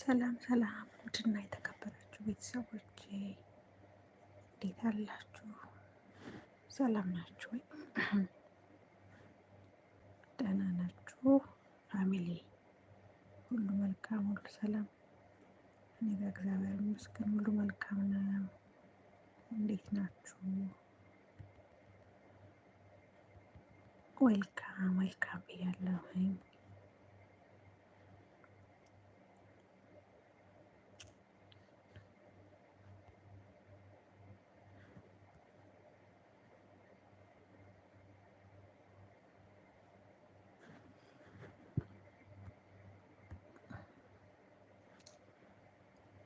ሰላም ሰላም ውድና የተከበራችሁ ቤተሰቦች እንዴት አላችሁ? ሰላም ናችሁ ወይ? ደህና ናችሁ? ፋሚሊ ሁሉ መልካም፣ ሁሉ ሰላም። እኔ በእግዚአብሔር ይመስገን ሁሉ መልካም ነው። እንዴት ናችሁ? ዌልካም ዌልካም ብያለሁኝ።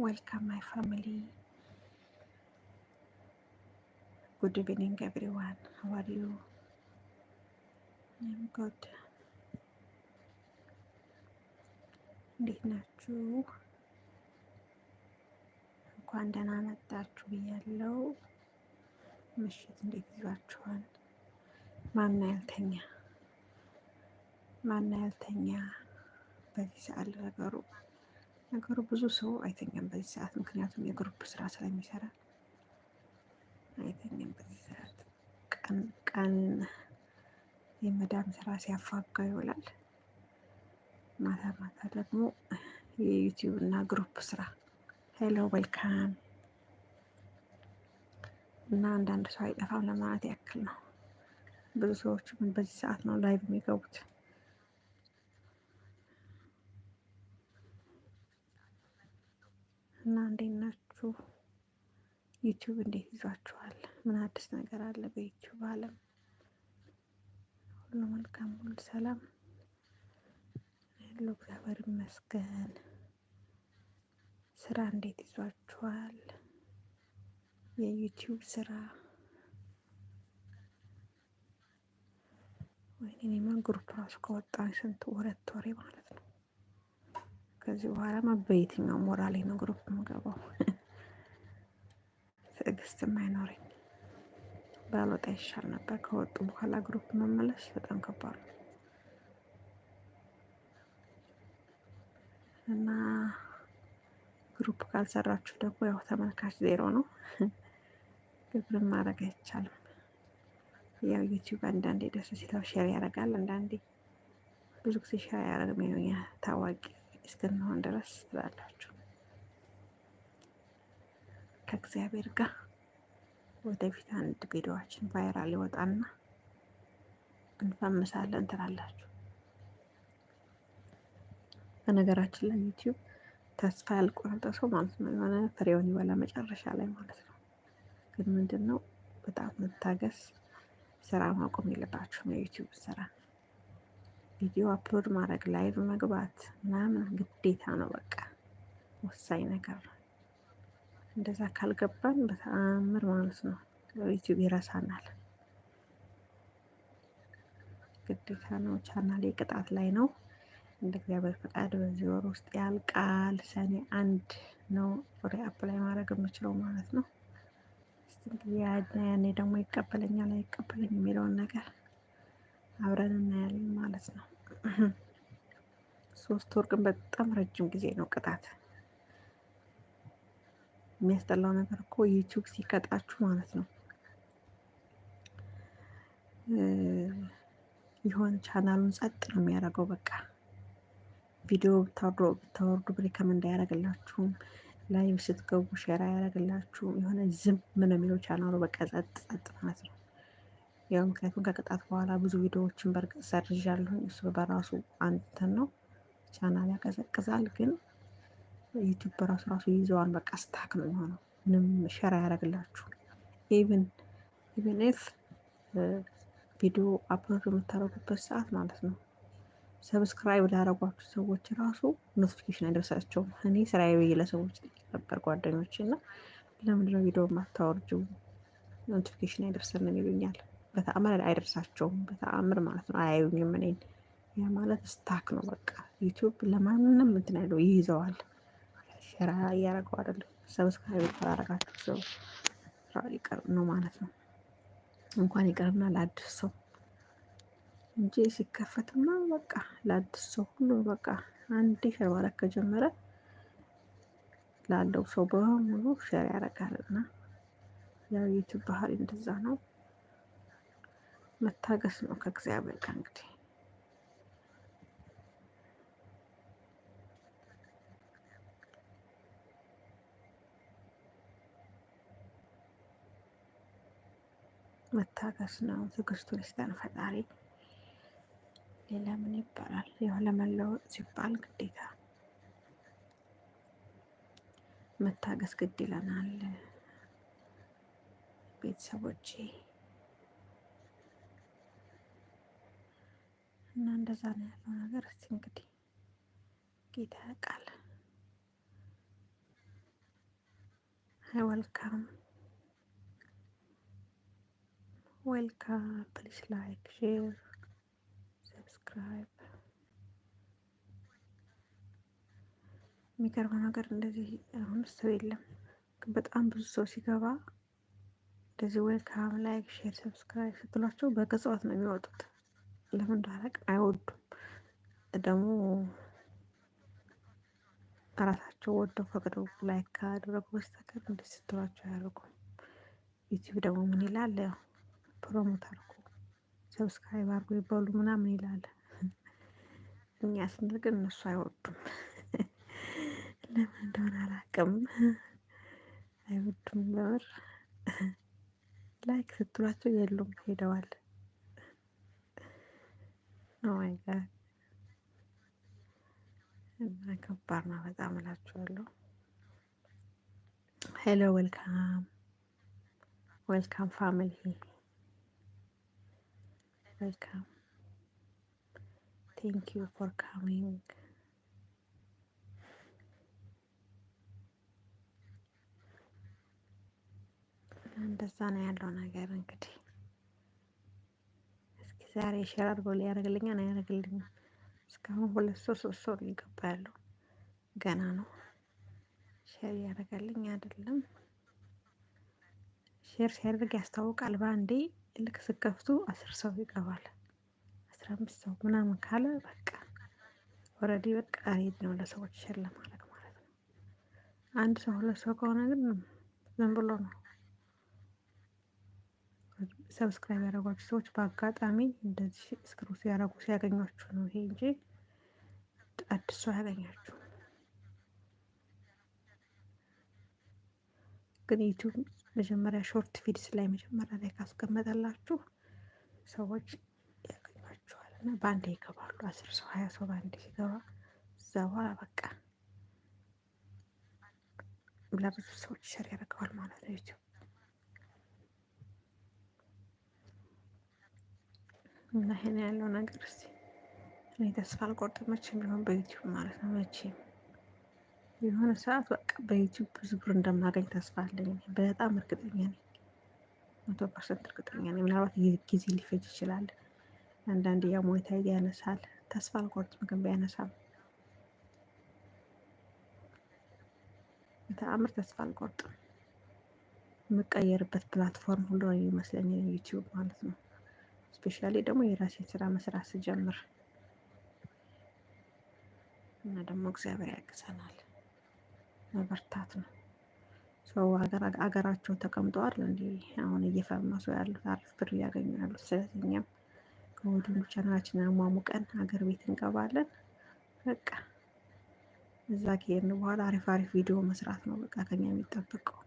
Welcome, my family. Good evening, everyone. How are you? I'm good. እንዴት ናችሁ? እንኳን ደህና መጣችሁ ብያለው። ምሽት እንዴት ይዟችኋል? ማና ያልተኛ ማና ያልተኛ በዚህ ሰዓት ነገሩ ብዙ ሰው አይተኛም በዚህ ሰዓት፣ ምክንያቱም የግሩፕ ስራ ስለሚሰራ አይተኛም በዚህ ሰዓት። ቀን ቀን የመዳም ስራ ሲያፋጋ ይውላል። ማታ ማታ ደግሞ የዩቲዩብ እና ግሩፕ ስራ። ሄሎ ወልካም እና አንዳንድ ሰው አይጠፋም ለማለት ያክል ነው። ብዙ ሰዎች በዚህ ሰዓት ነው ላይቭ የሚገቡት። እና እንዴት ናችሁ? ዩቲዩብ እንዴት ይዟችኋል? ምን አዲስ ነገር አለ በዩቲዩብ ዓለም? ሁሉ መልካም፣ ሁሉ ሰላም ያሉ እግዚአብሔር ይመስገን። ስራ እንዴት ይዟችኋል? የዩቲዩብ ስራ ወይኔ እኔማ ግሩፕ ራሱ ከወጣ ስንት ሁለት ወሬ ማለት ነው። ከዚህ በኋላማ በየትኛው ሞራሌ ነው ግሩፕ የምገባው? ትዕግስትም አይኖረኝ። ባልወጣ ይሻል ነበር። ከወጡ በኋላ ግሩፕ መመለስ በጣም ከባድ ነው እና ግሩፕ ካልሰራችሁ ደግሞ ያው ተመልካች ዜሮ ነው። ግብርን ማድረግ አይቻልም። ያው ዩቲዩብ አንዳንዴ ደስ ሲለው ሼር ያደርጋል፣ አንዳንዴ ብዙ ጊዜ ሼር አያደርግም። ታዋቂ እስክንሆን ድረስ ትላላችሁ ከእግዚአብሔር ጋር ወደፊት አንድ ቪዲዮችን ቫይራል ይወጣና እንፈምሳለን ትላላችሁ። በነገራችን ላይ ዩቲዩብ ተስፋ ያልቆረጠ ሰው ማለት ነው የሆነ ፍሬውን ይበላ መጨረሻ ላይ ማለት ነው። ግን ምንድን ነው በጣም መታገስ፣ ስራ ማቆም የለባችሁም የዩቲዩብ ስራ ቪዲዮ አፕሎድ ማድረግ ላይቭ መግባት ምናምን ግዴታ ነው። በቃ ወሳኝ ነገር ነው። እንደዛ ካልገባን በተአምር ማለት ነው ዩቲዩብ ይረሳናል። ግዴታ ነው። ቻናሌ ቅጣት ላይ ነው። እንደ እግዚአብሔር ፈቃድ በዚህ ወር ውስጥ ያልቃል። ሰኔ አንድ ነው ወደ አፕላይ ማድረግ የምችለው ማለት ነው። ያኔ ደግሞ ይቀበለኛል አይቀበለኝ የሚለውን ነገር አብረን እናያለን። ማለት ነው። ሶስት ወር ግን በጣም ረጅም ጊዜ ነው ቅጣት። የሚያስጠላው ነገር እኮ ዩቲዩብ ሲቀጣችሁ ማለት ነው ይሆን ቻናሉን ጸጥ ነው የሚያደርገው። በቃ ቪዲዮ ብታወርዱ ብሬከም እንዳያደርግላችሁም ላይቭ ስትገቡ ሼር አያደርግላችሁም። የሆነ ዝም ምን የሚለው ቻናሉ በቃ ጸጥ ጸጥ ማለት ነው። ያው ምክንያቱም ከቅጣት በኋላ ብዙ ቪዲዮዎችን በእርግጥ ሰርዣለሁኝ። እሱ በራሱ አንተን ነው ቻናል ያቀዘቅዛል፣ ግን ዩቲዩብ በራሱ ራሱ ይዘዋል። በቃ ስታክ ነው የሆነው። ምንም ሸራ ያደረግላችሁ ኢቭን ኢቭን ኤፍ ቪዲዮ አፕሎድ በምታደርጉበት ሰዓት ማለት ነው ሰብስክራይብ ላደረጓችሁ ሰዎች ራሱ ኖቲፊኬሽን አይደርሳቸውም። እኔ ስራ ብዬ ለሰዎች ነበር ጓደኞች እና ለምንድነው ቪዲዮ ማታወርጁ ኖቲፊኬሽን አይደርሰንም ይሉኛል። በተአምር አይደርሳቸውም። በተአምር ማለት ነው። አያዩኝም እኔን። ያ ማለት ስታክ ነው በቃ። ዩቲዩብ ለማንም እንትን ያለው ይይዘዋል። ሸራ እያደረገው አይደለም። ሰብስክራይብ ካላደረጋችሁ ሰው ይቀር ነው ማለት ነው። እንኳን ይቀርና ለአዲስ ሰው እንጂ ሲከፈትማ በቃ ለአዲስ ሰው ሁሉ በቃ አንዴ ሸር ማድረግ ከጀመረ ላለው ሰው በሙሉ ሸር ያደርጋልና ያው ዩቱብ ባህሪ እንደዛ ነው። መታገስ ነው ከእግዚአብሔር ጋር እንግዲህ መታገስ ነው። ትዕግስቱን ይስጠን ፈጣሪ። ሌላ ምን ይባላል? ያው ለመለወጥ ሲባል ግዴታ መታገስ ግድ ይለናል። ቤተሰቦቼ እና እንደዛ ነው ያለው ነገር። እስቲ እንግዲህ ጌታ ያውቃል። ወልካም ዌልካም፣ ፕሊስ ላይክ ሼር ሰብስክራይብ። የሚገርመው ነገር እንደዚህ አሁን ሰው የለም፣ በጣም ብዙ ሰው ሲገባ እንደዚህ ዌልካም ላይክ ሼር ሰብስክራይብ ስትሏቸው በቅጽበት ነው የሚወጡት። ለምን እንደሆነ አይወዱም። ደግሞ እራሳቸው ወደው ፈቅደው ላይ ካደረጉ በስተቀር እንደዚህ ስትሯቸው አያደርጉም። ዩቲዩብ ደግሞ ምን ይላል? ያው ፕሮሞት አድርጉ፣ ሰብስክራይብ አድርጉ ይባሉ ምናምን ይላል። እኛ ስንል ግን እነሱ አይወዱም። ለምን እንደሆነ አላውቅም። አይወዱም በምር ላይክ ስትሏቸው የሉም፣ ሄደዋል። Oh my god! እና ከባድ ነው በጣም እላችኋለሁ። ሄሎ ዌልካም ዌልካም ፋሚሊ ዌልካም ቴንክ ዩ ፎር ካሚንግ እንደዛ ነው ያለው ነገር እንግዲህ ዛሬ ሸር አድርጎ ሊያደርግልኛል አያደርግልኝም። እስካሁን ሁለት ሶስት ሶስት ሰው ሊገባ ያለው ገና ነው። ሼር ያደርጋልኝ አይደለም። ሼር ሲያደርግ ያስታውቃል። በአንዴ ልክ ስከፍቱ አስር ሰው ይገባል። አስራ አምስት ሰው ምናምን ካለ በቃ ወረዲ በቃ ሬድ ነው ለሰዎች ሸር ለማድረግ ማለት ነው። አንድ ሰው ሁለት ሰው ከሆነ ግን ዝም ብሎ ነው። ሰብስክራይብ ያደረጓችሁ ሰዎች በአጋጣሚ እንደዚህ እስክሩ ሲያደረጉ ሲያገኟችሁ ነው ይሄ እንጂ አዲሱ ያገኛችሁ ግን ዩቱብ መጀመሪያ ሾርት ቪዲስ ላይ መጀመሪያ ላይ ካስቀመጠላችሁ ሰዎች ያገኟችኋል እና በአንዴ ይገባሉ። አስር ሰው ሀያ ሰው በአንዴ ሲገባ እዛ በኋላ በቃ ለብዙ ሰዎች ሸር ያደርገዋል ማለት ነው ዩቱብ እና ይሄን ያለው ነገር እስቲ እኔ ተስፋ አልቆርጥም መቼም ቢሆን በዩቲዩብ ማለት ነው። መቼም የሆነ ሰዓት በቃ በዩቲዩብ ብዙ ብር እንደማገኝ ተስፋ አለኝ። በጣም እርግጠኛ ነኝ፣ መቶ ፐርሰንት እርግጠኛ ነኝ። ምናልባት ጊዜ ሊፈጅ ይችላል። አንዳንድ ያው ሞይታይ ያነሳል። ተስፋ አልቆርጥም ግን ቢያነሳም በተአምር ተስፋ አልቆርጥም። የምቀየርበት ፕላትፎርም ሁሉ ይመስለኛል ዩቲዩብ ማለት ነው። ስፔሻሊ ደግሞ የራሴን ስራ መስራት ስጀምር እና ደግሞ እግዚአብሔር ያግዘናል። መበርታት ነው። ሰው አገራቸው ተቀምጠዋል እንዲ አሁን እየፈመሱ ያሉት አሪፍ ብር እያገኙ ያሉት። ስለዚህ እኛም ከወዲሁ ቻናችን አሟሙቀን ሀገር ቤት እንገባለን። በቃ እዛ ከሄድን በኋላ አሪፍ አሪፍ ቪዲዮ መስራት ነው በቃ ከኛ የሚጠበቀው።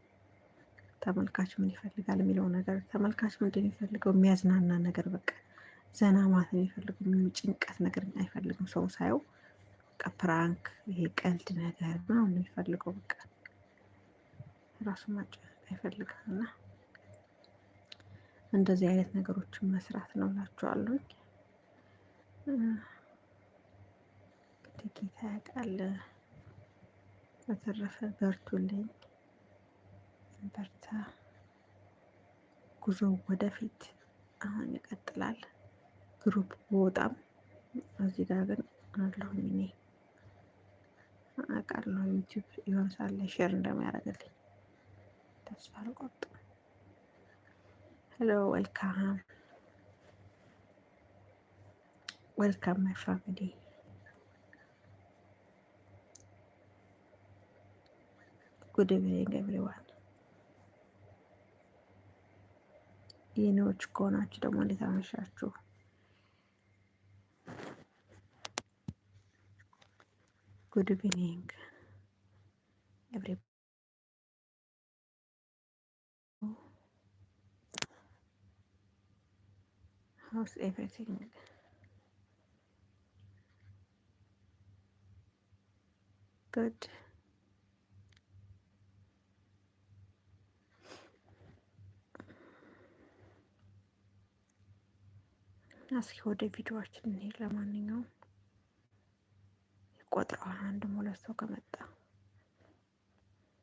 ተመልካች ምን ይፈልጋል የሚለው ነገር ተመልካች ምንድን የሚፈልገው የሚያዝናና ነገር በቃ ዘና ነው የሚፈልገው ጭንቀት ነገር አይፈልግም። ሰው ሳየው በቃ ፕራንክ፣ ይሄ ቀልድ ነገር ምናምን የሚፈልገው በቃ ራሱ ማጭ አይፈልግም። እና እንደዚህ አይነት ነገሮችን መስራት ነው እላችኋለሁኝ። ጌታ ያውቃል። በተረፈ በርቱልኝ። በርታ። ጉዞ ወደፊት አሁን ይቀጥላል። ግሩፕ ወጣም እዚህ ጋር ግን አለሁ እኔ አውቃለሁ። ዩቲዩብ ይሆን ሳለ ሼር እንደሚያደርግልኝ ተስፋ አልቆርጥም። ሄሎ ዌልካም ዌልካም ማይ ፋሚሊ ጉድ ኢቭኒንግ ኤቭሪዋን የኔዎች ከሆናችሁ ደግሞ እንዴት አመሻችሁ? ጉድ ኢቭኒንግ ኤቭሪ ሃውስ ኤቭሪቲንግ ጉድ እና እስኪ ወደ ቪዲዮዎችን እንሄድ። ለማንኛውም ይቆጥረዋል አንድ ሁለት ሰው ከመጣ